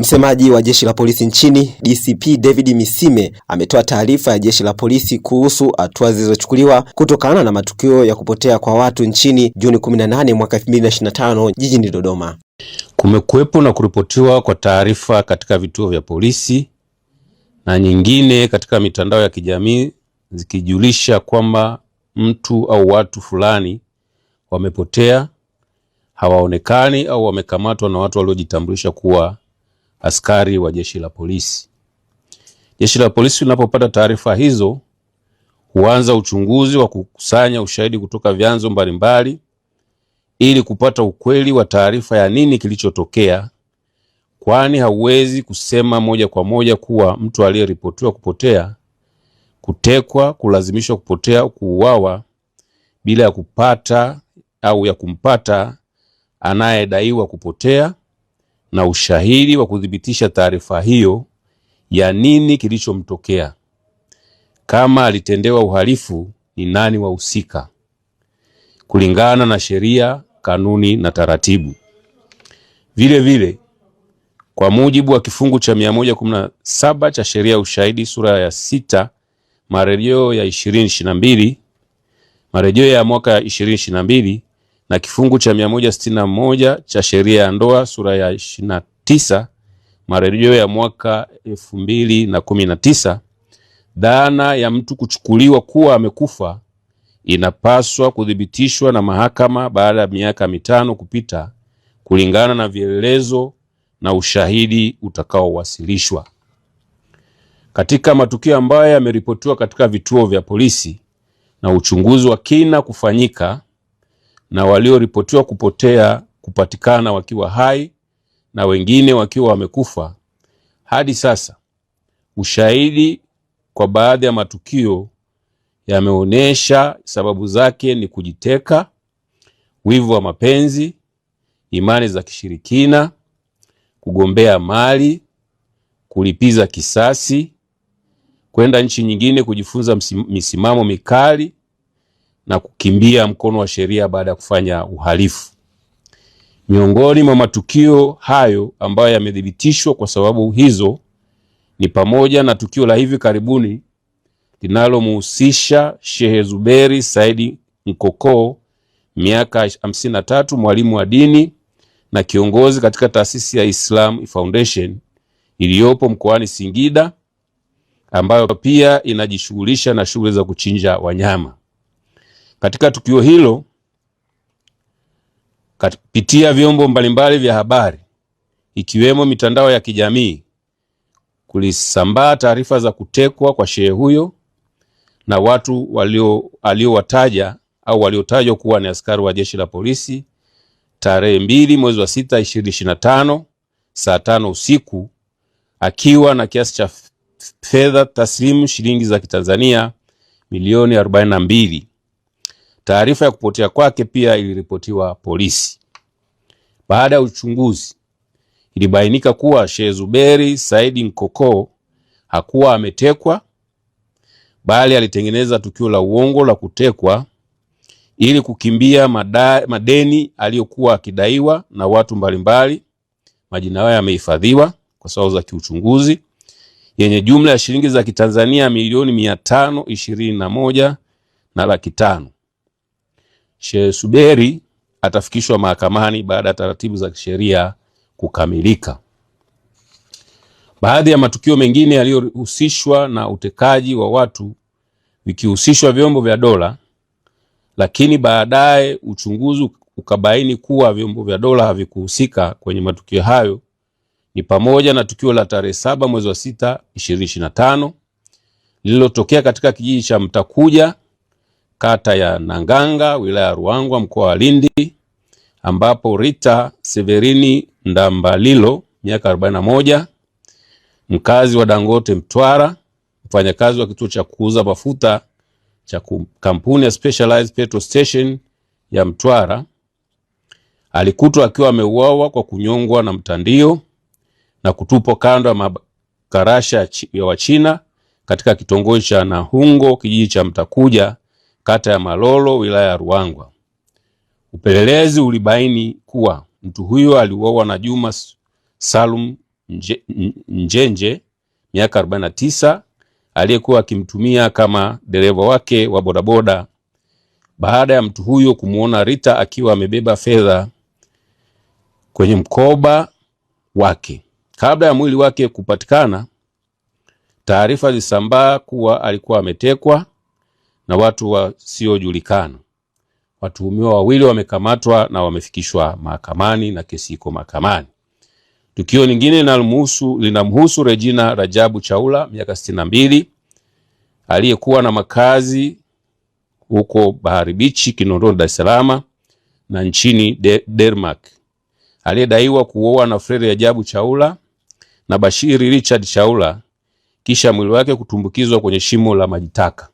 Msemaji wa jeshi la polisi nchini DCP David Misime ametoa taarifa ya jeshi la polisi kuhusu hatua zilizochukuliwa kutokana na matukio ya kupotea kwa watu nchini Juni 18 mwaka 2025 jijini Dodoma. Kumekuwepo na kuripotiwa kwa taarifa katika vituo vya polisi na nyingine katika mitandao ya kijamii zikijulisha kwamba mtu au watu fulani wamepotea, hawaonekani au wamekamatwa na watu waliojitambulisha kuwa askari wa jeshi la polisi. Jeshi la polisi linapopata taarifa hizo huanza uchunguzi wa kukusanya ushahidi kutoka vyanzo mbalimbali ili kupata ukweli wa taarifa ya nini kilichotokea, kwani hauwezi kusema moja kwa moja kuwa mtu aliyeripotiwa kupotea, kutekwa, kulazimishwa kupotea, kuuawa bila ya kupata au ya kumpata anayedaiwa kupotea na ushahidi wa kuthibitisha taarifa hiyo ya nini kilichomtokea, kama alitendewa uhalifu, ni nani wahusika, kulingana na sheria, kanuni na taratibu. Vile vile kwa mujibu wa kifungu cha 117 cha sheria ya ushahidi sura ya sita marejeo ya 2022 marejeo ya mwaka 2022 na kifungu cha 161 cha sheria ya ndoa sura ya 29 marejeo ya mwaka 2019, dhana ya mtu kuchukuliwa kuwa amekufa inapaswa kuthibitishwa na mahakama baada ya miaka mitano kupita kulingana na vielelezo na ushahidi utakaowasilishwa. Katika matukio ambayo yameripotiwa katika vituo vya polisi na uchunguzi wa kina kufanyika na walioripotiwa kupotea kupatikana wakiwa hai na wengine wakiwa wamekufa. Hadi sasa ushahidi kwa baadhi ya matukio yameonyesha sababu zake ni kujiteka, wivu wa mapenzi, imani za kishirikina, kugombea mali, kulipiza kisasi, kwenda nchi nyingine kujifunza misimamo mikali na kukimbia mkono wa sheria baada ya kufanya uhalifu. Miongoni mwa matukio hayo ambayo yamethibitishwa kwa sababu hizo ni pamoja na tukio la hivi karibuni linalomhusisha Shehe Zuberi Saidi Mkokoo, miaka 53, mwalimu wa dini na kiongozi katika taasisi ya Islam Foundation iliyopo mkoani Singida ambayo pia inajishughulisha na shughuli za kuchinja wanyama. Katika tukio hilo, kupitia vyombo mbalimbali vya habari ikiwemo mitandao ya kijamii, kulisambaa taarifa za kutekwa kwa shehe huyo na watu walio aliowataja au waliotajwa kuwa ni askari wa Jeshi la Polisi tarehe mbili mwezi wa sita ishirini na tano saa tano usiku akiwa na kiasi cha fedha taslimu shilingi za Kitanzania milioni arobaini na mbili Taarifa ya kupotea kwake pia iliripotiwa polisi. Baada ya uchunguzi, ilibainika kuwa Sheikh Zuberi Saidi nkoko hakuwa ametekwa, bali alitengeneza tukio la uongo la kutekwa ili kukimbia madai, madeni aliyokuwa akidaiwa na watu mbalimbali, majina yao yamehifadhiwa kwa sababu za kiuchunguzi, yenye jumla ya shilingi za Kitanzania milioni mia tano ishirini na moja na laki tano. Sheikh Suberi atafikishwa mahakamani baada ya taratibu za kisheria kukamilika. Baadhi ya matukio mengine yaliyohusishwa na utekaji wa watu vikihusishwa vyombo vya dola, lakini baadaye uchunguzi ukabaini kuwa vyombo vya dola havikuhusika kwenye matukio hayo, ni pamoja na tukio la tarehe saba mwezi wa sita 2025 lililotokea katika kijiji cha Mtakuja kata ya Nanganga, wilaya ya Ruangwa, mkoa wa Lindi, ambapo Rita Severini Ndambalilo, miaka 41, mkazi wa Dangote Mtwara, mfanyakazi wa kituo cha kuuza mafuta cha kampuni ya Specialized Petrol Station ya Mtwara, alikutwa akiwa ameuawa kwa kunyongwa na mtandio na kutupwa kando ya makarasha ya Wachina katika kitongoji cha Nahungo, kijiji cha Mtakuja kata ya Malolo, wilaya ya Ruangwa. Upelelezi ulibaini kuwa mtu huyo aliuawa na Juma Salum Nje, Njenje miaka 49 aliyekuwa akimtumia kama dereva wake wa bodaboda baada ya mtu huyo kumwona Rita akiwa amebeba fedha kwenye mkoba wake. Kabla ya mwili wake kupatikana, taarifa zilisambaa kuwa alikuwa ametekwa na watu wasiojulikana. Watuhumiwa wawili wamekamatwa na wamefikishwa mahakamani na kesi iko mahakamani. Tukio lingine linamhusu Regina Rajabu Chaula miaka sitini mbili aliyekuwa na makazi huko Bahari Bichi, Kinondoni, Dar es Salaam na nchini De Denmark, aliyedaiwa kuoa na Fred Rajabu Chaula na Bashiri Richard Chaula kisha mwili wake kutumbukizwa kwenye shimo la majitaka.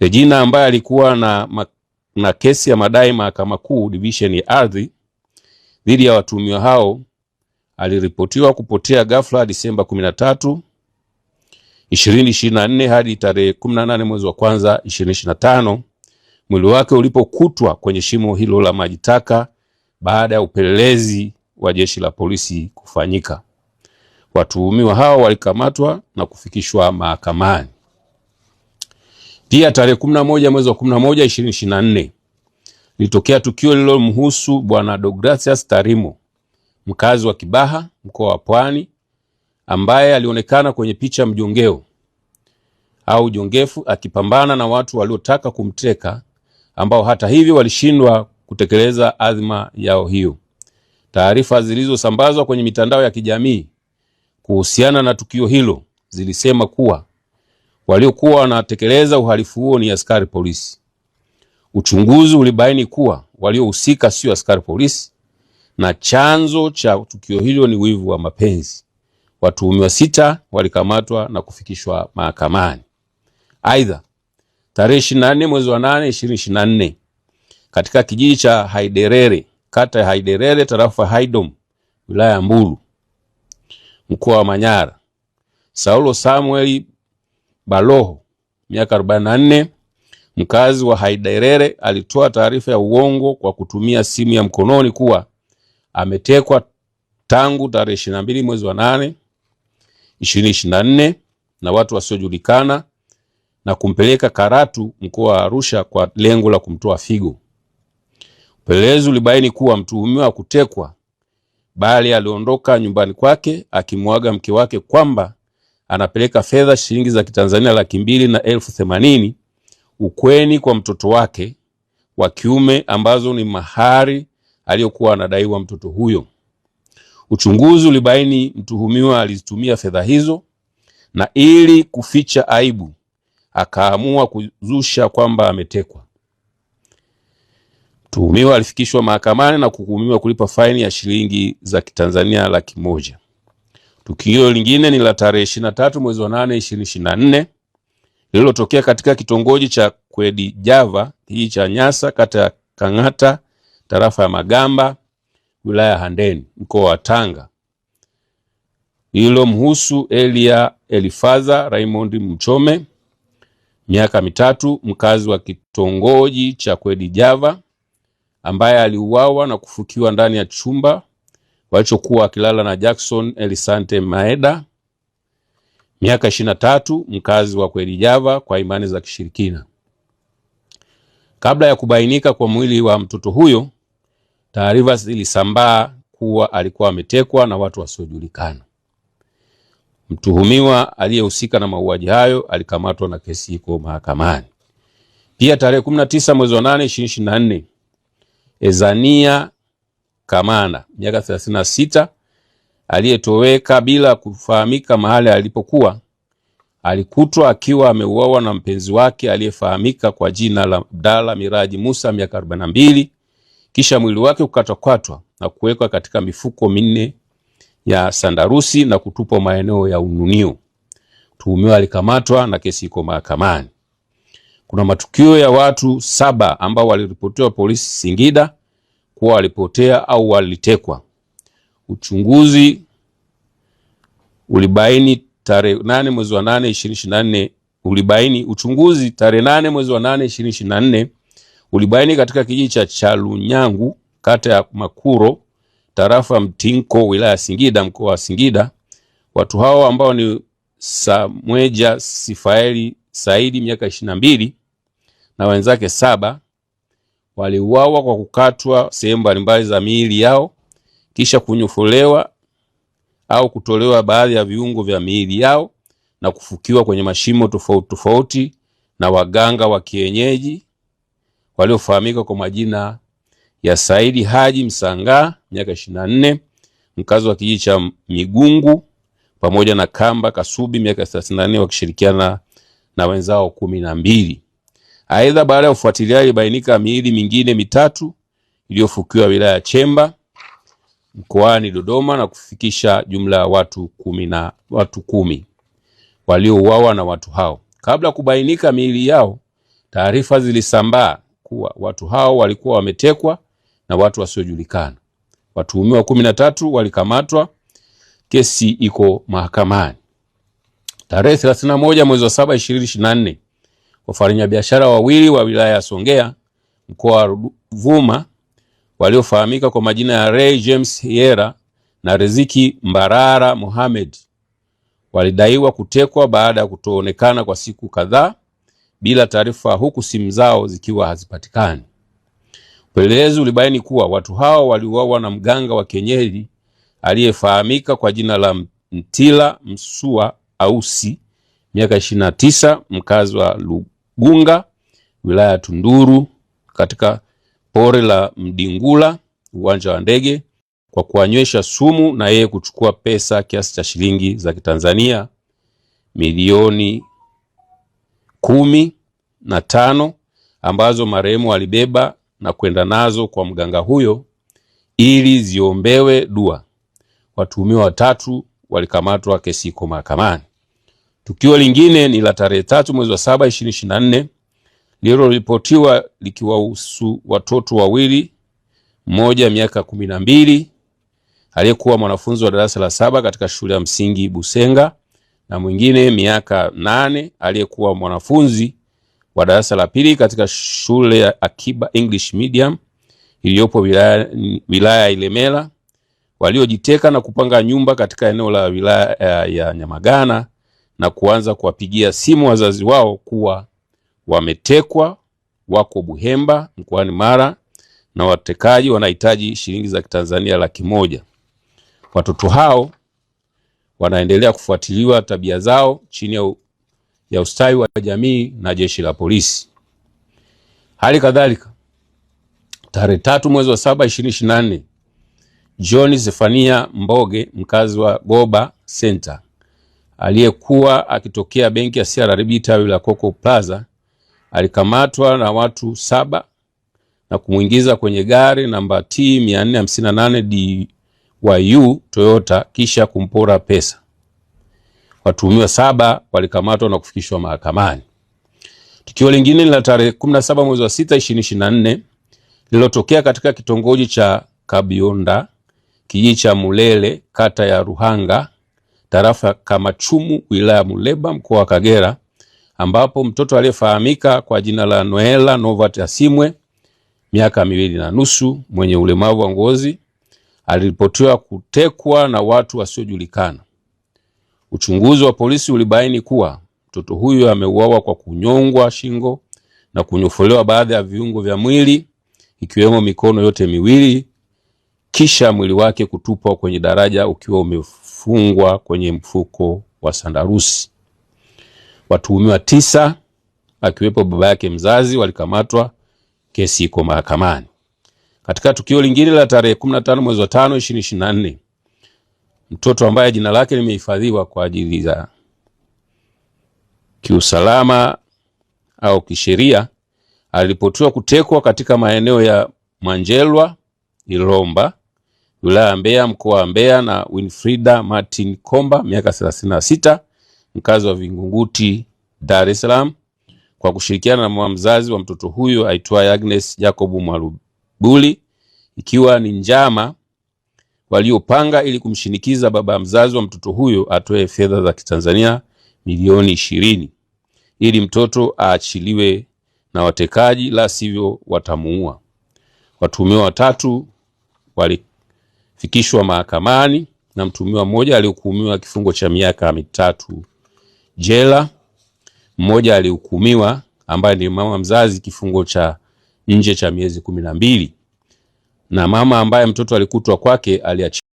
Regina ambaye alikuwa na, na kesi ya madai Mahakama Kuu division ya ardhi dhidi ya watuhumiwa hao aliripotiwa kupotea ghafla Disemba 13, 2024 hadi tarehe 18 mwezi wa kwanza 2025 mwili wake ulipokutwa kwenye shimo hilo la maji taka baada ya upelelezi wa jeshi la polisi kufanyika. Watuhumiwa hao walikamatwa na kufikishwa mahakamani. Pia tarehe moja mwezi wa na nne litokea tukio lililomhusu Bwana Deogratius Tarimo mkazi wa Kibaha mkoa wa Pwani ambaye alionekana kwenye picha mjongeo au jongefu akipambana na watu waliotaka kumteka ambao hata hivyo walishindwa kutekeleza azma yao hiyo. Taarifa zilizosambazwa kwenye mitandao ya kijamii kuhusiana na tukio hilo zilisema kuwa Waliokuwa wanatekeleza uhalifu huo ni askari polisi. Uchunguzi ulibaini kuwa waliohusika sio askari polisi na chanzo cha tukio hilo ni wivu wa mapenzi. Watuhumiwa sita walikamatwa na kufikishwa mahakamani. Aidha, tarehe 24 mwezi wa 8 2024 katika kijiji cha Haiderere, kata ya Haiderere, tarafa Haidom, wilaya ya Mbulu, mkoa wa Manyara, Saulo Samueli Baloho miaka 44 mkazi wa Haiderere alitoa taarifa ya uongo kwa kutumia simu ya mkononi kuwa ametekwa tangu tarehe 22 mwezi wa 8 2024 na watu wasiojulikana na kumpeleka Karatu mkoa wa Arusha kwa lengo la kumtoa figo. Upelelezi ulibaini kuwa mtuhumiwa kutekwa bali aliondoka nyumbani kwake akimwaga mke wake kwamba anapeleka fedha shilingi za Kitanzania laki mbili na elfu themanini ukweni kwa mtoto wake wa kiume ambazo ni mahari aliyokuwa anadaiwa mtoto huyo. Uchunguzi ulibaini mtuhumiwa alizitumia fedha hizo, na ili kuficha aibu akaamua kuzusha kwamba ametekwa. Mtuhumiwa alifikishwa mahakamani na kuhukumiwa kulipa faini ya shilingi za Kitanzania laki moja. Tukio lingine ni la tarehe 23 mwezi wa 8 2024 lililotokea katika kitongoji cha Kwedi Java hii cha Nyasa kata ya Kang'ata tarafa ya Magamba wilaya ya Handeni mkoa wa Tanga lililomhusu Elia Elifaza Raymond Mchome miaka mitatu mkazi wa kitongoji cha Kwedi Java ambaye aliuawa na kufukiwa ndani ya chumba walichokuwa wakilala na Jackson Elisante Maeda, miaka 23 mkazi wa Kweli Java kwa imani za kishirikina. Kabla ya kubainika kwa mwili wa mtoto huyo, taarifa zilisambaa kuwa alikuwa ametekwa na watu wasiojulikana. Mtuhumiwa aliyehusika na mauaji hayo alikamatwa na kesi iko mahakamani. Pia tarehe 19 mwezi wa 8 2024 Ezania Kamana miaka 36 aliyetoweka bila kufahamika mahali alipokuwa. Alikutwa akiwa ameuawa na mpenzi wake aliyefahamika kwa jina la Abdalla Miraji Musa miaka 42, kisha mwili wake kukatwakatwa na kuwekwa katika mifuko minne ya sandarusi na kutupwa maeneo ya Ununio. Mtuhumiwa alikamatwa na kesi iko mahakamani. Kuna matukio ya watu saba ambao waliripotiwa polisi Singida walikuwa walipotea au walitekwa. Uchunguzi ulibaini tarehe nane mwezi wa nane ishirini ishirini na nne ulibaini uchunguzi tarehe nane mwezi wa nane ishirini ishirini na nne ulibaini katika kijiji cha Chalunyangu kata ya Makuro tarafa Mtinko wilaya ya Singida mkoa wa Singida watu hao ambao ni Samweja Sifaeli Saidi miaka ishirini na mbili na wenzake saba waliuawa kwa kukatwa sehemu mbalimbali za miili yao kisha kunyufulewa au kutolewa baadhi ya viungo vya miili yao na kufukiwa kwenye mashimo tofauti tofauti na waganga wa kienyeji waliofahamika kwa majina ya Saidi Haji Msangaa, miaka 24, mkazi wa kijiji cha Migungu, pamoja na Kamba Kasubi, miaka 34, wakishirikiana na wenzao kumi na mbili. Aidha, baada ya ufuatiliaji ilibainika miili mingine mitatu iliyofukiwa wilaya ya Chemba mkoani Dodoma na kufikisha jumla ya watu kumi na watu kumi waliouawa na watu hao. Kabla ya kubainika miili yao, taarifa zilisambaa kuwa watu hao walikuwa wametekwa na watu wasiojulikana. Watuhumiwa kumi na tatu walikamatwa, kesi iko mahakamani. Tarehe 31 mwezi wa 7 2024 wafanyabiashara wawili wa wilaya ya Songea mkoa wa Ruvuma waliofahamika kwa majina ya Ray James Hyera na Riziki Mbarara Mohamed walidaiwa kutekwa baada ya kutoonekana kwa siku kadhaa bila taarifa, huku simu zao zikiwa hazipatikani. Upelelezi ulibaini kuwa watu hao waliuawa na mganga wa kienyeji aliyefahamika kwa jina la Mtila Msua Ausi, miaka 29, mkazi wa Gunga, wilaya ya Tunduru, katika pori la Mdingula, uwanja wa ndege, kwa kuwanywesha sumu na yeye kuchukua pesa kiasi cha shilingi za Kitanzania milioni kumi na tano ambazo marehemu alibeba na kwenda nazo kwa mganga huyo ili ziombewe dua. Watuhumiwa watatu walikamatwa, kesi iko mahakamani. Tukio lingine ni la tarehe tatu mwezi wa saba ishirini ishirini na nne lililoripotiwa likiwahusu watoto wawili, mmoja miaka kumi na mbili aliyekuwa mwanafunzi wa darasa la saba katika shule ya msingi Busenga na mwingine miaka nane aliyekuwa mwanafunzi wa darasa la pili katika shule ya Akiba English Medium iliyopo wilaya, wilaya ya Ilemela waliojiteka na kupanga nyumba katika eneo la wilaya eh, ya Nyamagana na kuanza kuwapigia simu wazazi wao kuwa wametekwa, wako Buhemba mkoani Mara na watekaji wanahitaji shilingi za Kitanzania laki moja. Watoto hao wanaendelea kufuatiliwa tabia zao chini ya, ustawi wa jamii na jeshi la polisi. Hali kadhalika tarehe tatu mwezi wa saba 2024 John Zefania Mboge mkazi wa Goba Center aliyekuwa akitokea benki ya CRDB tawi la Coco Plaza alikamatwa na watu saba na kumwingiza kwenye gari namba T 458 DYU Toyota kisha kumpora pesa. Watuhumiwa saba walikamatwa na kufikishwa mahakamani. Tukio lingine ni la tarehe 17 mwezi wa 6 2024 lililotokea katika kitongoji cha Kabionda kijiji cha Mulele kata ya Ruhanga tarafa Kamachumu wilaya ya Muleba mkoa wa Kagera, ambapo mtoto aliyefahamika kwa jina la Noela Novat Asimwe miaka miwili na nusu mwenye ulemavu wa ngozi aliripotiwa kutekwa na watu wasiojulikana. Uchunguzi wa polisi ulibaini kuwa mtoto huyu ameuawa kwa kunyongwa shingo na kunyofolewa baadhi ya viungo vya mwili ikiwemo mikono yote miwili kisha mwili wake kutupwa kwenye daraja ukiwa umefungwa kwenye mfuko wa sandarusi. Watuhumiwa tisa akiwepo baba yake mzazi walikamatwa. Kesi iko mahakamani. Katika tukio lingine la tarehe 15 mwezi wa 5 2024, mtoto ambaye jina lake limehifadhiwa kwa ajili ya kiusalama au kisheria alipotiwa kutekwa katika maeneo ya Mwanjelwa Ilomba wilaya ya Mbeya, mkoa wa Mbeya, na Winfrida Martin Komba, miaka 36, mkazi wa Vingunguti, Dar es Salaam, kwa kushirikiana na mama mzazi wa mtoto huyo aitwaye Agnes Jacob mwalubuli ikiwa ni njama waliopanga ili kumshinikiza baba mzazi wa mtoto huyo atoe fedha za Kitanzania milioni ishirini ili mtoto aachiliwe na watekaji, la sivyo watamuua. Watuhumiwa watatu wali alifikishwa mahakamani na mtuhumiwa mmoja alihukumiwa kifungo cha miaka mitatu jela. Mmoja alihukumiwa ambaye ni mama mzazi kifungo cha nje cha miezi kumi na mbili na mama ambaye mtoto alikutwa kwake aliachiwa